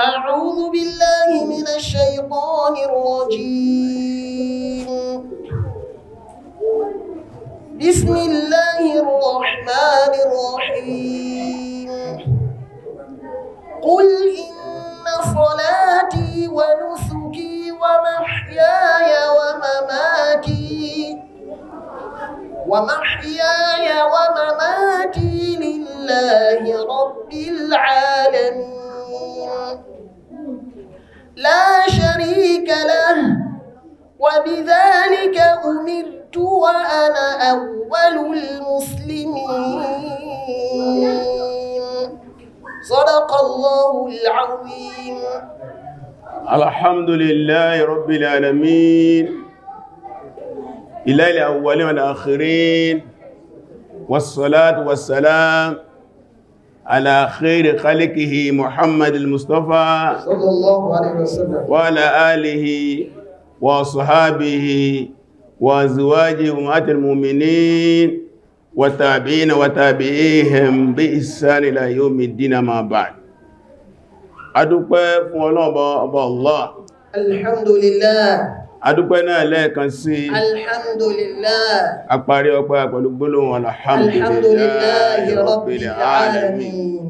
أعوذ بالله من الشيطان الرجيم بسم الله الرحمن الرحيم قل إن صلاتي ونسكي ومحياي ومماتي ومحياي وبذلك أمرت وأنا أول المسلمين صدق الله العظيم الحمد لله رب العالمين إلى الأولين والآخرين والصلاة والسلام على خير خلقه محمد المصطفى صلى الله عليه وسلم وعلى آله وصحابه وازواجهم أت المؤمنين وتابعين وتابعيهم بإحسان إلى يوم الدين ما بعد adúpẹ́ fún Ọlọ́run ọba Allah alhamdulillah adúpẹ́ náà lẹ́ẹ̀kan sí alhamdulillah àparí ọpẹ́ pẹ̀lú gbólóhùn alhamdulillah rabbil alamin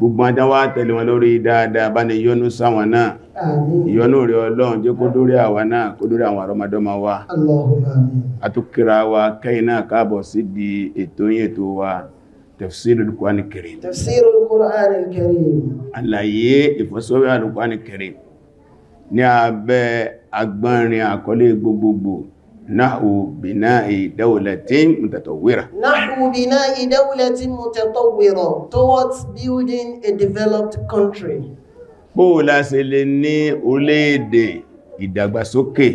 gbogbo adáwà tẹ̀lé wọn lórí dáadáa bá ní yọ́nú sáwọn náà ìyọ́nú rẹ̀ ọlọ́run jẹ́ kó dórí àwa náà kó dórí àwọn àrọmọdọ́mọ wa àtúkìrà wa kẹ́yìn náà káàbọ̀ sí di ètò yìí ètò wa tafsirul Qur'anil Karim tafsirul Qur'anil Karim àlàyé ìfọ́sọ́wẹ́ Qur'anil Karim ní abẹ́ agbọ́nrin àkọlé gbogbogbò نحو بناء دولة متطورة نحو بناء دولة متطورة towards building a developed country bó la ṣe lè ní orílẹ̀-èdè ìdàgbàsókè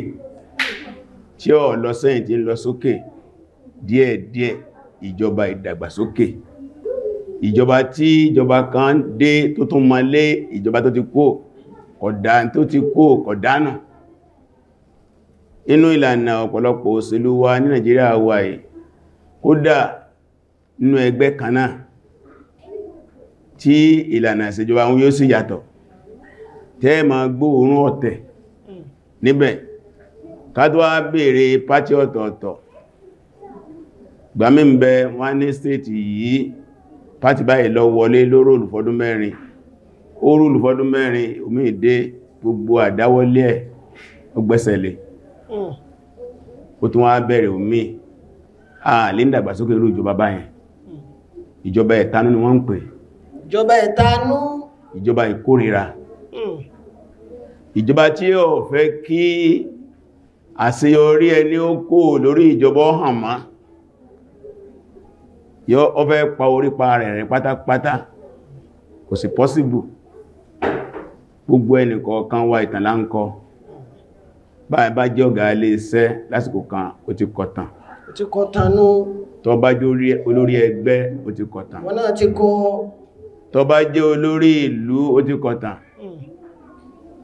tí ó lọ sẹ́yìn tí ń lọ sókè díẹ̀díẹ̀ ìjọba ìdàgbàsókè ìjọba tí kan dé tó tún ma lé ìjọba ti kó kọ̀dá tó ti kó kọ̀dánù inú ilana ọ̀pọ̀lọpọ̀ òṣèlú wa ní Nàìjíríà wà yìí kódà nínú ẹgbẹ́ kan náà tí ìlànà ìṣèjọba wọn yóò sì yàtọ̀ ma gbóòórùn ọ̀tẹ̀ níbẹ̀ kádọ́wà bèèrè pátí ọ̀tọ̀ọ̀tọ̀ gbàmí ń bẹ wọ́n ní stéètì yìí pátí báyìí lọ wọlé lóró olùfọdún mẹ́rin olùfọdún mẹ́rin gbogbo àdáwọlé ẹ̀ Hmm. ó tún wá bẹ̀rẹ̀ omi àà lè ń dàgbàsókè irú ìjọba báyẹn hmm. ìjọba ẹ̀tanú ni wọ́n ń pè ìjọba ẹ̀tanú ìjọba ìkórira hmm. ìjọba tí ó fẹ́ kí àṣeyọrí ẹni ó kó lórí ìjọba ọ̀hàn má yọ ọfẹ́ pa orí pa rẹ̀ rẹ̀ pátápátá kò sí possible gbogbo ẹnìkọ̀ọ̀kan wa ìtànlá ń kọ́ báyìí bá jẹ́ ọ̀gá ilé iṣẹ́ lásìkò kan ó ti kọtàn ó ti kọtàn nú tó bá jẹ́ olórí ẹgbẹ́ ó ti kọtàn wọ́n náà ti kọ́ tó bá jẹ́ olórí ìlú ó ti kọtàn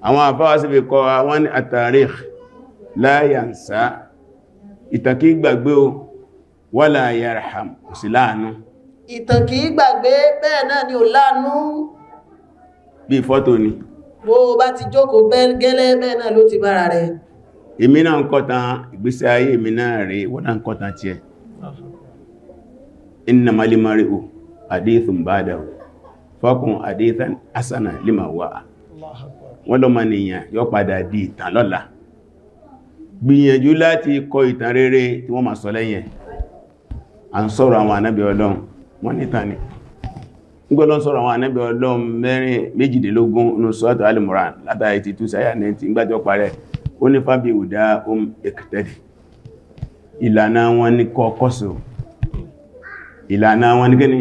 àwọn àfáwásífì kọ àwọn ní at-tarikh la yansa ìtàkì gbàgbé o wala yarham kò sí láàánú ìtàkì gbàgbé bẹ́ẹ̀ náà ni ò láàánú bí fọ́tò ni bó bá ti jókòó gẹ́lẹ́ bẹ́ẹ̀ èmi náà ń kọta ìgbésẹ̀ ayé èmi náà rí wọ́n náà ń kọta tí ẹ inna malimari o hadithun badahu fakun hadithan asana lima wa wọ́n lọ ma nìyàn yọ padà di ìtàn lọ́la gbìyànjú láti kọ ìtàn rere tí wọ́n ma sọ lẹ́yìn à ń sọ̀rọ̀ tani ó ní fábí ìwòdá ohun um ẹ̀kẹtẹ̀lì ìlànà wọn ní kọ́ kọ́sọ̀ ìlànà wọn ní gẹ́ni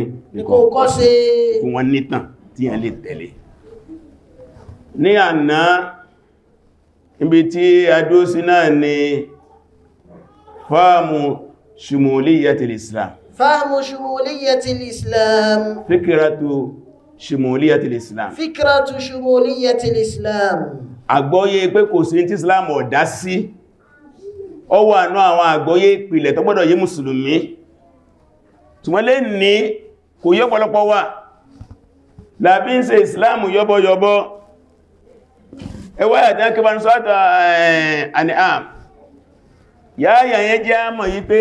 kọ́ kọ́sẹ̀ fún wọn nítàn tí a lè tẹ̀lé ní àná ibi tí a dúó sí náà ni fáàmù ṣùmòlíyàtìl islam islam fíkìrátù ṣùmòlíyàtìl islam fíkìrátù islam àgbọ́yé pé kò sí tí Islam ọ̀dá sí ó wà àánú àwọn àgbọ́yé ìpìlẹ̀ tó gbọ́dọ̀ yé mùsùlùmí tùmọ́lé ní kò yé ọ̀pọ̀lọpọ̀ wà lábí ń ṣe Islam yọ́bọ̀yọ́bọ̀ ẹwà àtàn kí bá ń sọ́tọ̀ àníàm eh, yáyà yẹn jẹ́ àmọ̀ yí pé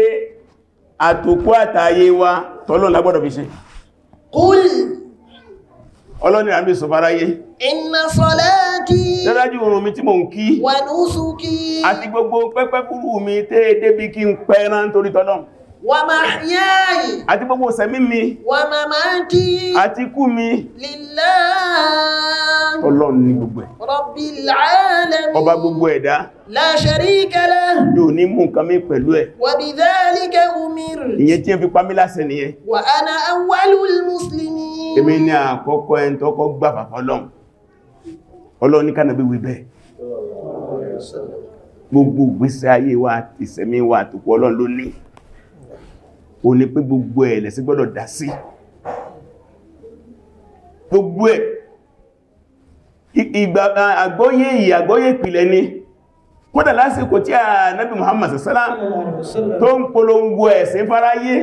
àtòkú àtàyé wa tọ́lọ́n lágbọ́dọ̀ fi ṣe kúl ọlọ́ni àmì sọ fáráyé inna kí. Dádájú oorun mi tí mò ń kí. Wà ní oṣù kí. Àti gbogbo pẹ́pẹ́ kúrú mi tẹ́ débi kí n pẹ́ rán torí tọ́lọ́m. Wà máa yáàyì. Àti gbogbo ọ̀sẹ̀mí mi. Wà máa máa kí. Àti kú mi. Lillah. Ọlọ́run ní gbogbo ẹ̀. Rabbil alamin. Ọba gbogbo ẹ̀dá. La sharika lah. Yóò ní mú nǹkan mi pẹ̀lú ẹ̀. Wa bidhalika umir. Ìyẹn tí ẹ fi pa mí láṣẹ nìyẹn. Wa ana awwalul muslimin. Èmi ni àkọ́kọ́ ẹni tọ́kọ́ gbà fàfọ́lọ́run ọlọ́run ní kánàbí wí bẹ́ẹ̀ gbogbo ìgbésí ayé wa ìsẹ̀mí wa àtòkù ọlọ́run ló ní o ní pé gbogbo ẹ̀ lẹ́sí gbọ́dọ̀ dá sí gbogbo ẹ̀ àgbọ́yé yìí àgbọ́yé ìpìlẹ̀ ni kódà lásìkò tí a nábi Muhammad sassala tó ń polongo ẹ̀sìn fáráyé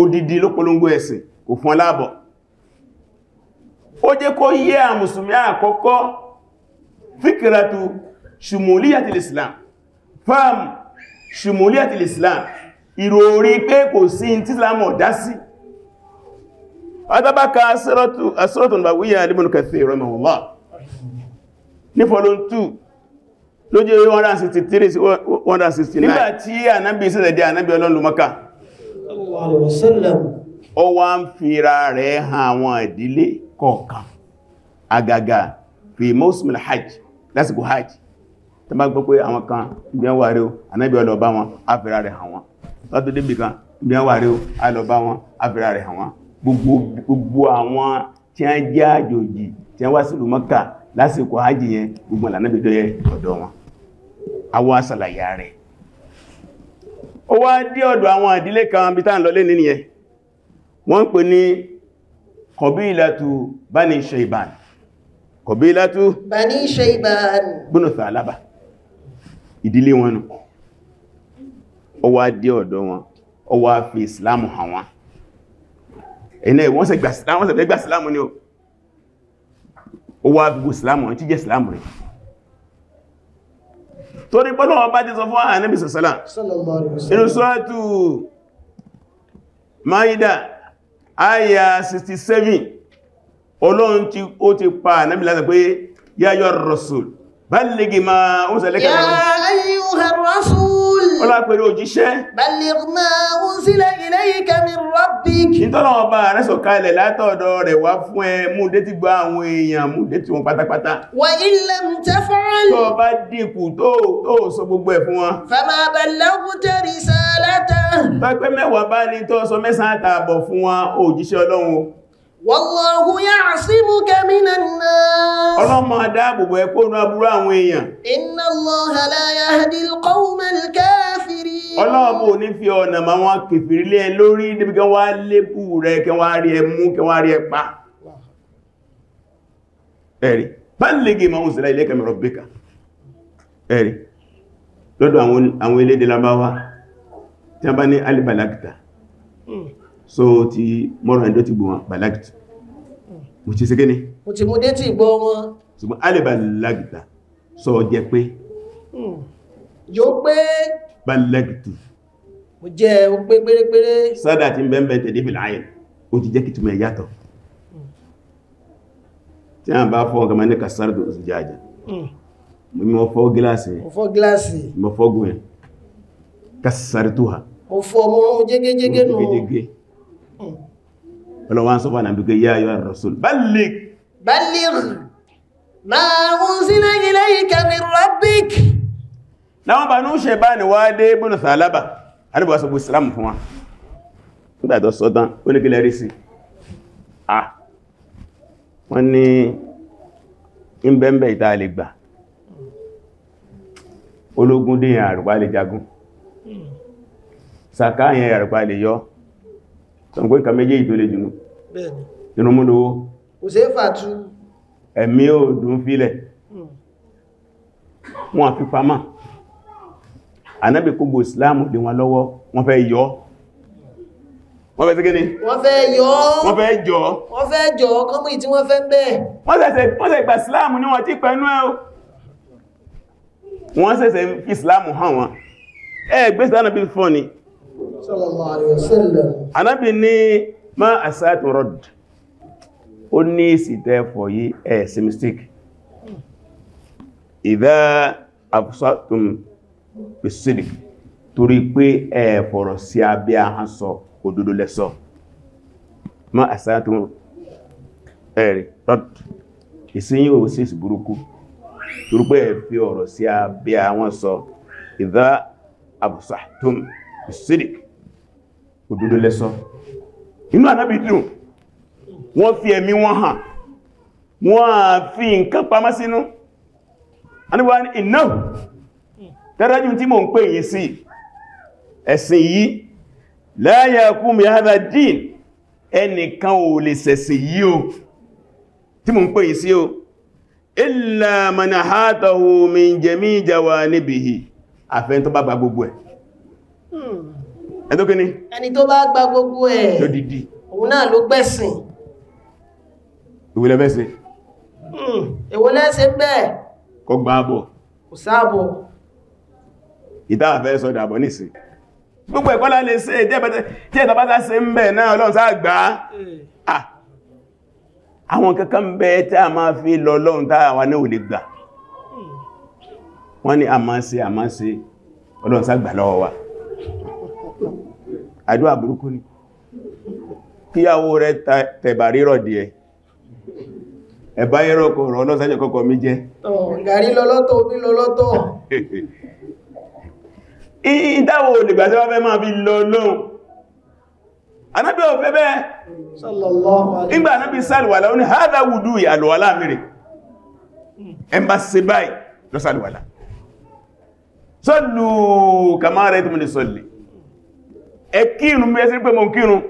odidi ló polongo ẹ̀sìn kò fún aláàbọ̀ ó jẹ́ kó yé à mùsùlùmí àkọ́kọ́ fíkìrátù ṣùmúlíyàtì islam fam ṣùmúlíyàtì islam ìròrí pé kò sí tí islam ọ̀dá sí adabaka asírọ́tù nàbàwíyà libun kathir rahimahullah ní fọ́lún 2 lójú 163 169 nígbàtí ànábì ìsẹ́lẹ̀dẹ̀ ànábì ọlọ́lù maka ó wá ń fira rẹ̀ hàn àwọn ìdílé kọ̀ọ̀kan àgàgà fi mọ́sùmìl hajj lásìkò hajj tó bá gbọ́ pé àwọn kan ìgbìyàn wà rí o anábí ọlọ́bá wọn àfẹ́ra rẹ̀ hàn wọ́n lọ́tọ́ débì kan ìgbìyàn wà rí o alọ́bá wọn àfẹ́ra rẹ̀ hàn wọ́n gbogbo àwọn tí wọ́n jẹ́ àjòjì tí wọ́n wá sí lùmọ́kà lásìkò hajj yẹn gbogbo ànábí dọ́yẹ ọ̀dọ̀ wọn àwọn asàlàyà rẹ̀ ó wá dé ọ̀dọ̀ àwọn ìdílé kan bí táà ń lọ lé nìyẹn wọ́n ń pè ní kọbílátù bani ṣeibán kọbílátù bani ṣeibán bínú sàlábà ìdílé wọn nù ó wá dé ọ̀dọ̀ wọn ó wá fi islamu àwọn ẹ̀nà ìwọ́n ṣe gbà islamu ni ó wá gbogbo islamu ọ̀n tí jẹ́ islamu rẹ̀ torí pọ́lọ̀ ọba ti sọ fún ànábì sọ̀sọ́lá Aya 67 ọlọ́run tí ó ti pa ànábì láti pé yáyọ rasul bá lè gí máa ó sẹ̀lẹ́kẹ̀ẹ́ ọlápẹ̀rẹ̀ òjíṣẹ́ balighna unsila ilayka min rabbik ìtọ́nà ọba rẹ̀ sọ̀kalẹ̀ látọ̀dọ̀ rẹ̀ wá fún ẹ mú détí gba àwọn èèyàn mú détí wọn pátápátá wa in lam taf'al tó bá dínkù tó tó sọ òjíṣẹ́ ọlọ́run Wallahu ya'simuka minan nas. Ọlọ́mọ adáàbòbò ẹ̀kọ́ ní aburú àwọn èèyàn. Inna Allaha la yahdil qawmal kafirin. Ọlọ́mọ ò ní fi ọ̀nà máa wọn kèfèrí lé ẹ lórí níbi kan wá lébù rẹ kẹ wá rí ẹ mú kẹ wá rí ẹ pa. Ẹ̀rí, ballighi ma unzila ilayka min so ti mọ́rọ̀ ẹ̀dọ́ ti gbò wọn balagta mo ti ségé ni mo ti mú dé tí ìgbọ́ wọn ṣùgbọ́n a lè balagta sọ jẹ pé hmm. yóò pé balagtu mo jẹ́ o pé pérépéré sádà ti bẹ́ẹ̀bẹ̀ tẹ̀lé fìlà ayẹ̀ ó ti jẹ́ kìtùmẹ̀ yàtọ̀ hmm. tí a bá fọ́ ọgama ní kàsàrìdò ìjàjà hmm. mo fọ́ fọ́ gíláàsì mo fọ́ gùn ẹ̀ kàsàrìtò ha mo fọ́ mọ́ jẹ́gẹ́jẹ́gẹ́ nù ọlọ́wọ́n sọ́fà náà dúkẹ́ yá yọ́ rasul balligh balligh ma unzila ilayka min rabbik láwọn bá ní ṣe bá ní wá dé bọ́nà sàlábà alìbọ̀ sọ bú islam fún wa nígbàtọ̀ sọ́tán sí wọ́n ní ń bẹ́m̀bẹ̀ ìta lè gbà ológun dé àrùpá lè jagun sàkáyẹn àrùpá lè yọ́ sọ̀nkó nǹkan méjèèjì tó lè jùnú inú mú lówó kò sí fàtú ẹ̀mí ò dùn fílẹ̀ hmm. wọn àfi pamọ́ anábì kó gbò ìsìláàmù lè wọn lọ́wọ́ wọ́n fẹ́ yọ́ wọ́n fẹ́ síkí ni wọ́n fẹ́ yọ́ wọ́n fẹ́ jọ́ wọ́n fẹ́ jọ́ kọ́mù ìtí wọ́n fẹ́ ń bẹ́ wọ́n ṣẹ̀ṣẹ̀ gba ìsìláàmù ní wọ́n tí pẹ̀lú sallallahu alaihi wasallam anábì ní ma asat rod ó ní ìsìtẹ́ fọ̀yí ẹ̀ sí mistake ìdá afsatun bisidik torí pé ẹ fọ̀rọ̀ sí abẹ́ ahán sọ òdodo lẹ́sọ ma asatun ẹ̀rì rod ìsinyìí ò sí burúkú torí pé ẹ fi ọ̀rọ̀ sí abẹ́ ahán sọ ìdá afsatun bisidik sídìk òdodo lẹ́sọ́ inú ànábì dùn wọ́n fi ẹ̀mí wọn hàn wọ́n á fi nǹkan pamọ́ sínú aníwá ní iná tẹ́rẹ́jú tí mò ń pè yìí sí ẹ̀sìn yìí la yakum bi hadha din ẹnìkan ò lè ṣẹ̀sìn yìí o tí mò ń pè yìí sí o illa man ahatahu min jami' jawanibihi àfẹ́ tó bá gbogbo ẹ̀ ẹni tó kí ni ẹni tó bá gba gbogbo ẹ̀ lódìdí òun náà ló gbẹ̀sìn ìwòlẹ́bẹ̀ẹ́sẹ̀ ìwòlẹ́sẹ̀ hmm. bẹ́ẹ̀ kọ gba àbọ̀ kò sáàbọ̀ ìtàfẹ́ sọ́dàbọ̀ nìsìn gbogbo ẹ̀kọ́lá lè ṣe tí ẹ̀tàbátà ṣe ń bẹ̀ náà ọlọ́run sáà gbà á hmm. àwọn a máa fi lọ lọ́run táà wà ní òlè gbà wọ́n ni a máa ṣe a máa ṣe ọlọ́run sáà gbà lọ́wọ́ wa àdúwà burúkú ni kíyàwó rẹ̀ tẹ̀bà rírọ̀ díẹ̀ ẹ̀bá yẹ́rọ kọ̀rọ̀ ọlọ́sẹ́jẹ̀ kọ́kọ́ mi jẹ́ gàrí lọ́lọ́tọ̀ omi lọ́lọ́tọ̀ ìdáwò olùgbàsẹ́wà fẹ́ máa fi lọ lóhun anábí ò fẹ́ bẹ́ẹ̀ ìgbà anábí sàlùwàlá ó ní hádá wùdú ìyàlùwàlá mìírẹ̀ ẹmbà báyìí lọ sàlùwàlá sọ́lù kàmá rẹ̀ tó mú ní sọ́lì ẹ kírun bí ẹ sí pé mo kírun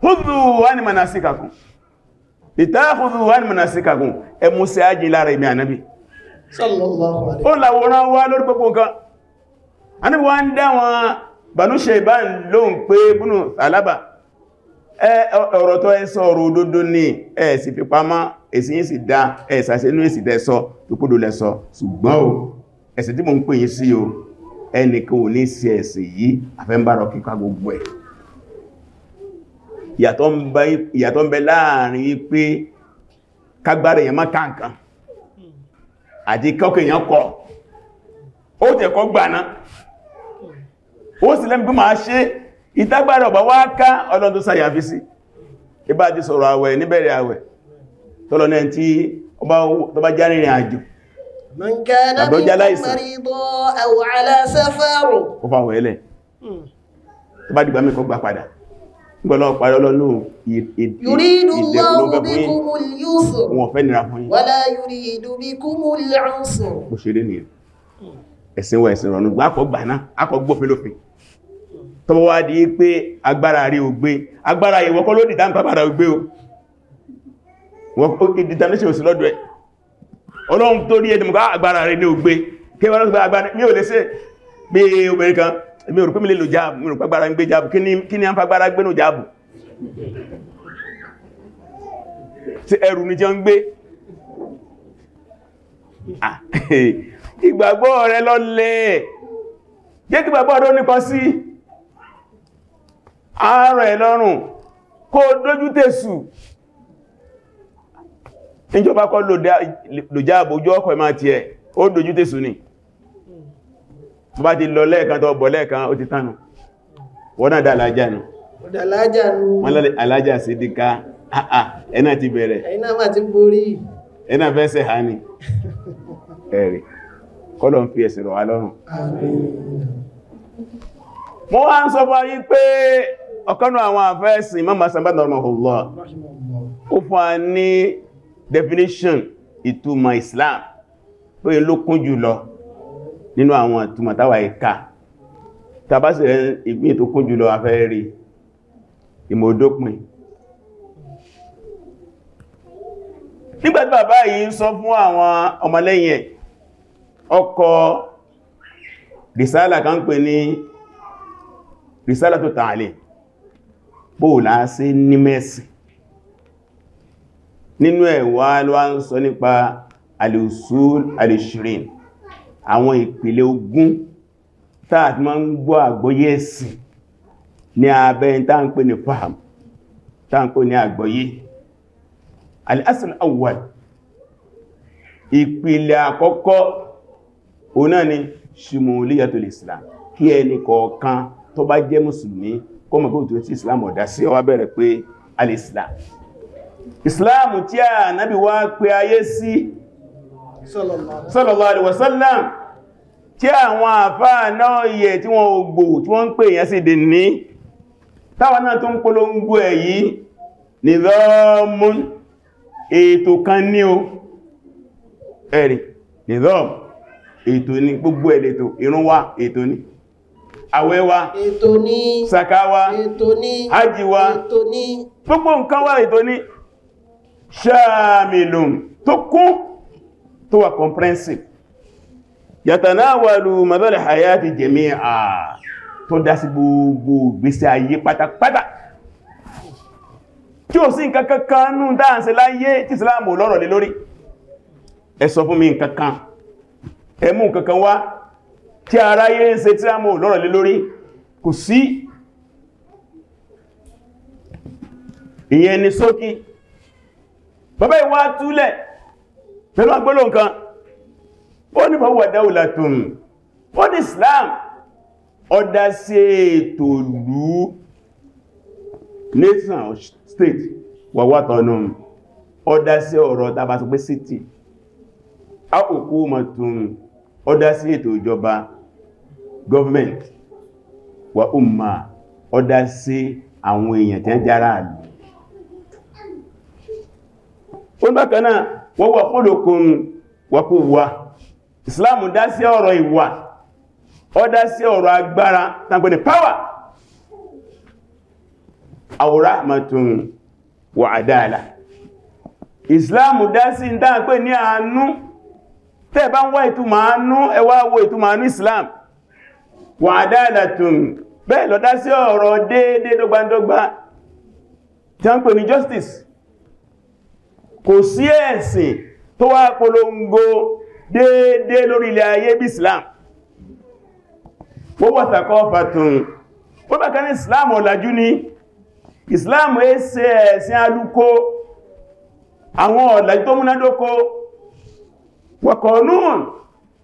húdù wà ní mana sí kàkùn ìta húdù wà ní mana sí kàkùn ẹ mú sí ájì lára ìmì ànábì ó làwòrán wá lórí pẹ́pọ̀ kan ànábì wá ń dá wọn bànúṣẹ́ ìbá ń lóhùn pé búnú àlábà ọ̀rọ̀ tó ẹ sọ ọ̀rọ̀ òdodo ní ẹ sì fi pamọ́ èsì yìí sì dá ẹ sàṣẹ́nú èsì tẹ́ sọ tó kódò lẹ́sọ ṣùgbọ́n ò ẹ̀sẹ̀ tí mo ń ẹnìkan ò ní sí ẹ̀sìn yìí àfẹ́mbàrọ̀ kíkà gbogbo ẹ̀ ìyàtọ̀ ń bẹ láàrin pé kágbára èèyàn má káǹkan àti kọ́kọ̀ èèyàn kọ́ ó tẹ̀ kọ́ gbàná ó sì lẹ́mí pé máa ṣe ìtagbára ọ̀bá wá ká ọlọ́n tó sáyà fi sí ìbá sọ̀rọ̀ àwẹ̀ níbẹ̀rẹ̀ àwẹ̀ tọ́lọ náà tí ọba járìnrìn àjò man kana marido aw ala safar ó fà wọ́n ẹlẹ̀ hmm. tó bá dìgbà mẹ́kọ́ gbà padà gbọ́lọ́ parí ọlọ́lọ́ tọ́wọ́ wá di pé agbára rí ò gbé agbára ìwọ́kọ́ ló dìdá ń pàpàdà ò gbé o ìdìdá ní ṣe òsì lọ́dọ̀ ẹ̀ ọlọ́run tó rí ẹdùnmùká agbára rẹ̀ ní ògbé kéwàá lọ́gbà agbára ní òlé sí pé obìnrin kan mi ò rò pé mi lè lò jáàbù mi ò rò pàgbára ń gbé jáàbù kí ni a ń fagbára gbénú jáàbù tí ẹrù ní jẹ́ ń gbé ìgbàgbọ́ rẹ̀ lọ́lẹ̀ jẹ́ kí gbàgbọ́ rẹ̀ nípa sí ààrẹ lọ́rùn kó dójú tèṣù níjọba kọ́ lòjá àbójú ọkọ̀ ẹ̀ máa ti ẹ̀ ó dojú tèsù ni tó bá ti lọ lẹ́ẹ̀kan tó bọ̀ lẹ́ẹ̀kan ó ti tánà wọ́n náà dá alájá nù wọ́n lọ́lẹ̀ alájá sí díká àà ẹ̀nà ti bẹ̀rẹ̀ ẹ̀nà máa ti borí ẹ̀nà fẹ́sẹ̀ ha ni ẹ̀rì kọ́lọ̀ ń fi ẹ̀sìn rọ̀ wá lọ́rùn mo wá ń sọ fún ayé pé ọ̀kanú àwọn àfẹ́sìn mọ́mọ́ sàbádọ̀rọ̀mọ̀ definition ìtumọ̀ Islam ó yẹ ló kún jù lọ nínú àwọn ìtumọ̀ táwà ìka tàbásì rẹ̀ ìgbín tó kún jù lọ afẹ́ rí ìmòdópin nígbàtí bàbá yìí ń sọ fún àwọn ọmọlẹ́yìn ẹ̀ ọkọ̀ risala kan pè ní risala tó tààlẹ̀ bóòlá sí ní mẹ́sìn nínú ẹ̀wà lọ́wà ń sọ nípa alìsúl alìṣìrìn àwọn ìpìlẹ̀ ogún tààtí ma ń gbọ́ àgbọ́yé ẹ̀sìn ní abẹ́ táǹpé ní faham táǹpé ní àgbọ́yé alìsúl awwal ìpìlẹ̀ àkọ́kọ́ ọ̀nà ni shimuliyatul islam kí ẹni kọ̀ọ̀kan tó bá jẹ́ mùsùlùmí kó mọ̀ pé òtò tí islam ọ̀dá sí ó wá bẹ̀rẹ̀ pé alìsìláàmù ìsìláàmù tí ànábì wá pé ayé sí sallallahu alaihi wasallam tí àwọn àfáà náà yẹ tí wọ́n ògbò tí wọ́n ń pè yẹn sí dìní táwọn náà tó ń polongo ẹ̀ yìí nìzọ́mù ètò kan ní o ẹ̀rì nìzọ́mù ètò ní gbogbo ẹ̀ lẹ́tò ìrun wa ètò ní àwẹ̀ ètò ní sàká ètò ní hajj ètò ní gbogbo nǹkan wa ètò ní ṣàmìlùm tó kún tó wà comprehensive yàtànáwàlù mabẹ́lẹ̀ hayati jami'a tó dá sí gbogbo gbèsè ayé pátápátá tí ó sí nǹkan kanú dáànsẹ̀ láyé tí islamu lọ́rọ̀ lé lórí ẹ sọ fún mi nǹkan kan ẹ mú nǹkan kan wá tí aráyé ń ṣe islamu lọ́rọ̀ lé lórí kò sí ìyẹn ni sókí bàbá ìwá túlẹ̀ pẹ̀lú agbóló nǹkan ó ní fọwọ́ dáúlà tún ó ní Islam ọdá sí ètò lú nation state wàwátọ̀nà ọdá sí ọ̀rọ̀ tàbá sọ pé city àkókò mọ̀tún ọdá sí ètò ìjọba government wà ó ma ọdá sí àwọn èèyàn tẹ́ jára àlú ó bákan náà wọ́n wà fọ́lùkùn wàkúwà islam dá sí ọ̀rọ̀ ìwà ó dá sí ọ̀rọ̀ agbára tàbí ní power awrahmatun wa adala islam dá sí dáńpé ní àánú tẹ́ bá ń wá ìtumọ̀ àánú ẹ wá wo ìtumọ̀ àánú islam wa bẹ́ẹ̀ ló dá sí ọ̀rọ̀ déédéé dọ́gbandọ́gba tí wọ́n pè ní justice kò sí ẹ̀sìn tó wá polongo déédé lórí ilẹ̀ ayé bí islam wọ́n wọ́tàkọ́ fàtún wọ́n bá kan islam ọ̀làjú ni islam ẹsẹ̀ ẹ̀sìn alúkó àwọn ọ̀làjú tó múnádókó wọ̀kọ̀ọ̀nùn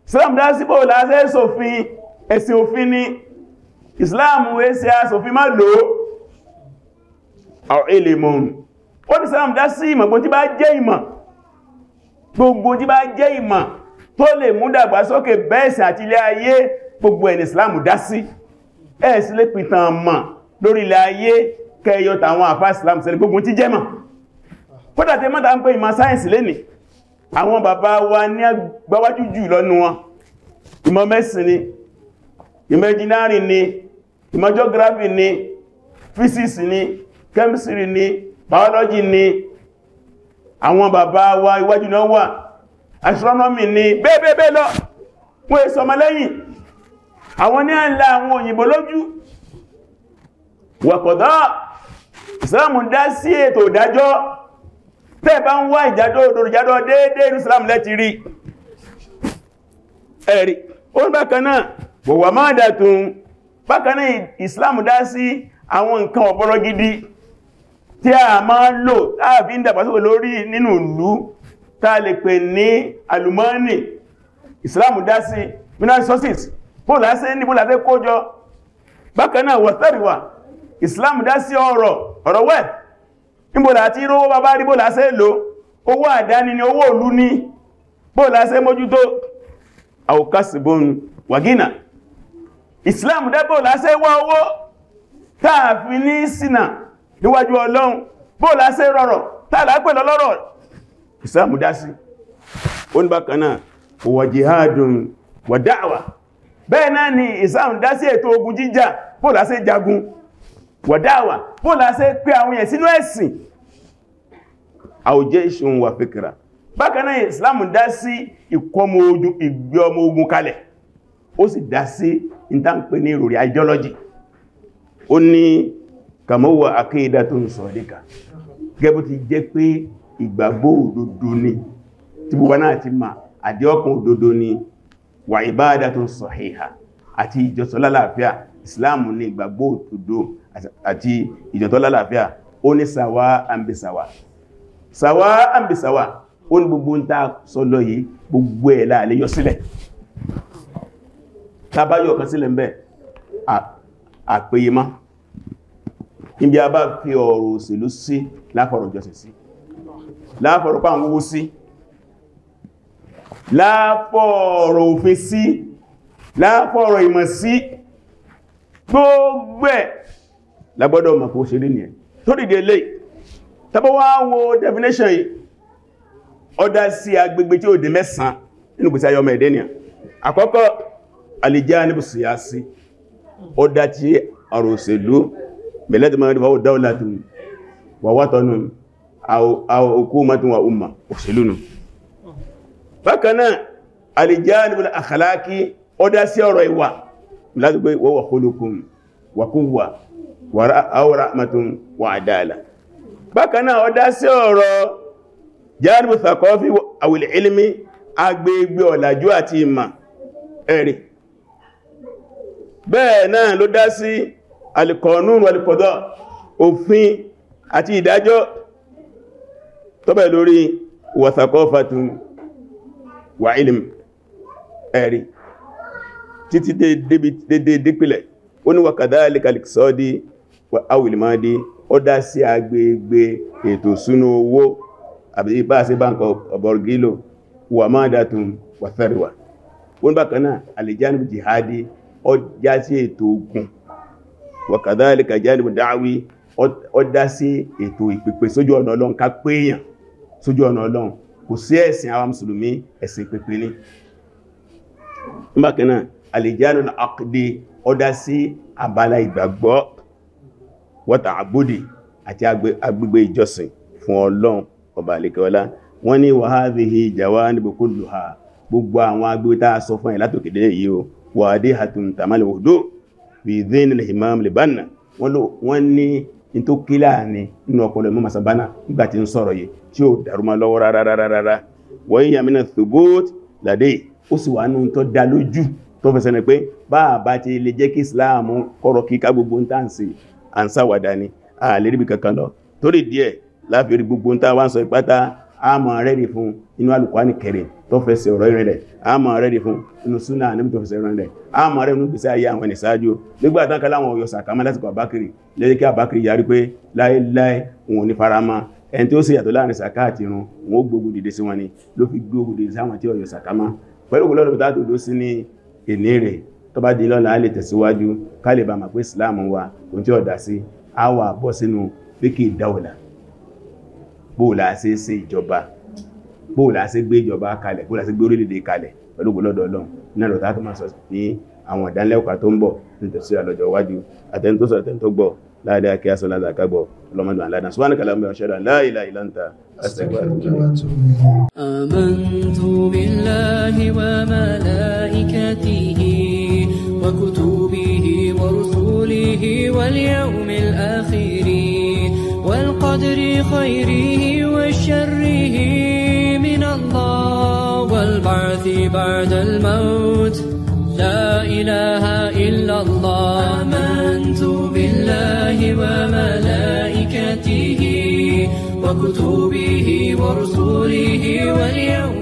islam dá sípò láṣẹ́ sòfin ẹ̀sìn òfin ni islam ẹsẹ̀ asòfin má lòó àwọn ó ní sàrám dá sí ìmọ̀ gbogbo tí bá jẹ́ ìmọ̀ gbogbo tí bá jẹ́ ìmọ̀ tó lè mú dàgbàsókè bẹ́ẹ̀sìn àti ilé ayé gbogbo ẹni ìsìláàmù dá sí ẹ̀ sí lè pìtàn mọ̀ lórí ilé ayé kẹyọ tàwọn àfá ìsìláàmù sẹ́lẹ̀ gbogbo tí jẹ́ mọ̀ kódà tẹ mọ́ta ń pè ìmọ̀ sáyẹ̀nsì lẹ́nìí àwọn bàbá wa ní agbáwájú jù lọ́nu wọn ìmọ̀ mẹ́sìn ni ìmọ̀ engineering ni ìmọ̀ geography ni physics ni chemistry ni biology ni àwọn bàbá wa iwájú náà wà astronomy ni bẹ́ẹ̀bẹ́ẹ̀ lọ wọ́n èso ọmọlẹ́yìn àwọn ní àìlà àwọn òyìnbó lójú wọ̀kọ̀dọ́ islam dá sí ètò ìdájọ́ tẹ́ bá ń wá ìjádọ́ òdòrìjádọ́ déédéé ní islam lẹ́ti rí ẹ̀rí ó bákanáà bọ̀wà máa dàtún bákanáà islam dá sí àwọn nǹkan ọ̀pọ̀lọ́ gidi tí a máa ń lò tàbí ń dàgbàsókè lórí nínú ìlú tá lè pè ní alùmọ́nì ìsìláàmù dá sí mineral resources bóòlá sí ní bóòlá fẹ́ kójọ bákan náà wọ̀tẹ́rìwà ìsìláàmù dá sí ọrọ̀ ọ̀rọ̀ wẹ̀ níbòlá àti ìrówó bàbá rí bóòlá sí èlò owó àdáni ni owó òlú ní bóòlá sí mójútó àwòkásìbọn wàgínà ìsìláàmù dá bóòlá sí wá owó táàfin ní sínà níwájú ọlọ́run bóòlá sí rọrọ̀ tààlà pẹ̀lú ọlọ́rọ̀ ìsìlámù dá sí ó ní bákaná wa jihadun wa da'wa bẹ́ẹ̀ náà ni ìsìlámù dá ètò ogun jíjà bóòlá sí jagun wa da'wa bóòlá sí pé àwọn èèyàn sínú ẹ̀sìn àwòjẹ́ ìṣun wà fíkìrà bákaná ìsìlámù dá sí ìgbé ọmọ ogun kalẹ̀ ó sì dá sí ní ìròrí ideology ó ní kàmọ́wà àkídà tó ń sọ díkà gẹ́bù ti jẹ́ pé ìgbàgbọ́ òdodo ni tí gbogbo náà ti ma àdíọ́kùn òdodo ni wà ìbáadà tó ń sọ hìhà àti ìjọsọ lálàáfíà ni ìgbàgbọ́ òdodo àti ìjọsọ lálàáfíà ó ní sàwá àmbìsàwà sàwá àmbìsàwà ó ní gbogbo ń ta sọlọ yìí gbogbo ẹ̀ láàlẹ́ àpéyemá níbi a bá fi ọ̀rọ̀ òṣèlú sí láfọ̀rọ̀ jọsìn sí láfọ̀rọ̀ pàwọn owó sí láfọ̀rọ̀ òfin sí láfọ̀rọ̀ ìmọ̀ sí gbogbo ẹ̀ lagbọ́dọ̀ mọ̀ kó ṣe rí tó dìde lè tàbí wá wo definition yìí ọdá sí agbègbè tí ó dé mẹ́sàn nínú pèsè ayọmọ ẹ̀dẹ́nìyàn àkọ́kọ́ òṣèlú بلاد المغرب هو دولة ووطن أو أو حكومة وأمة وسلون فكان الجانب الأخلاقي أدا سيروا إيوا لا تقول وهو خلقكم وقوة أو رحمة وعدالة فكان أدا سيروا جانب الثقافي أو العلمي agbègbè ọ̀làjú àti ìmọ̀ ẹ̀rì bẹ́ẹ̀ náà ló dá sí alìkọ̀ọ̀nù alìkọ̀dọ̀ òfin àti ìdájọ́ tọ́bẹ̀ lórí wàsàkọ́fàtún wà ilim ẹ̀rí títí dédé dípìlẹ̀ ó ní wàkàdá alìkàlìsọ́dí awìlìmáàdí ó dá sí agbègbè ètò súnú owó àbí bá sí báǹkọ̀ ọ̀bọ̀rgílò wà máa dátún wà fẹ́rẹ̀wà jihadi ó sí ètò ogun wàkàdáàlìkà jálìbù dáwí ó dá sí ètò ìpèpè sójú ọ̀nà ọlọ́run ká péèyàn sójú ọ̀nà ọlọ́run kò sí ẹ̀sìn àwọn mùsùlùmí ẹ̀sìn pèpè ní nígbàkanáà alìjánu àkìdí ó abala ìgbàgbọ́ wọ́ta àbúdì àti agbègbè ìjọsìn fún ọlọ́run ọba àlekẹ́ọlá wọ́n ní wa hadhihi jawanibu kulluha gbogbo àwọn agbègbè tá a sọ fún ẹ̀ látòkèdè yìí o wàdí hatun tamal wudu bí zainul imam libana wọ́n ní in tó kílà ní inú ọpọlọ imam masabana nígbà tí ń sọ̀rọ̀ yìí tí ó dàrúmọ́ lọ́wọ́ rárárárá wọ́n yíya mina thubut lade ó sì wà nù tó dá lójú tó fẹsẹ̀ ní pé bá a bá ti lè jẹ́ kí islam kọ́rọ̀ kíká gbogbo ń tàǹsì àǹsáwàdá ni àlérí bí kankan lọ torí díẹ̀ láfi rí gbogbo ń tàwọn sọ ìpátá àmọ́ rẹ́dì fún inú alùkwáni kẹrẹ tó fẹsẹ̀ ọ̀rọ̀ ìrìn rẹ̀ àmọ́ rẹ́dì fún inú súnà àníbi tó fẹsẹ̀ ìrìn rẹ̀ àmọ́ rẹ́dì fún gbèsè ayé àwọn ìsáájú nígbà tán kálá àwọn ọ̀yọ́ sàkámẹ́ lásìkò àbákiri lẹ́yìn kí àbákiri yarí pé láéláé òun ní farama ẹni tí ó sì yàtọ̀ láàrin sàká àti irun òun ó gbógun dìde sí wọn ni ló fi gbógun dìde sáwọn tí ọ̀yọ́ sàkámá pẹ̀lú kò lọ́dọ̀ tó dó sí ní èní rẹ̀ tó bá di lọ́la á lè tẹ̀síwájú ká lè bá mà pé Islam wa kò tí ọ̀dà sí á wà bọ́ sínú fíkì dáwọ̀lá bóòlà ṣe ṣe ìjọba bóòlà ṣe gbé ìjọba kalẹ̀ bóòlà ṣe gbé orílẹ̀-èdè kalẹ̀ pẹ̀lú gbọ́lọ́dọ̀ ọlọ́run ní àlọ́ta tó máa sọ ní àwọn ìdánilẹ́kọ̀ọ́ tó ń bọ̀ ní tẹ̀sí àlọ́jọ́ iwájú àtẹni tó sọ̀rọ̀ tẹni tó gbọ́ láàdá kí a ọlọ́mọdé àládà subhanahu wa ta'ala ṣẹ́dá la ilaha illa wa malaikatihi wa kutubihi wa rusulihi wal yawmil akhir قدر خيره وشره من الله والبعث بعد الموت لا إله إلا الله آمنت بالله وملائكته وكتبه ورسله واليوم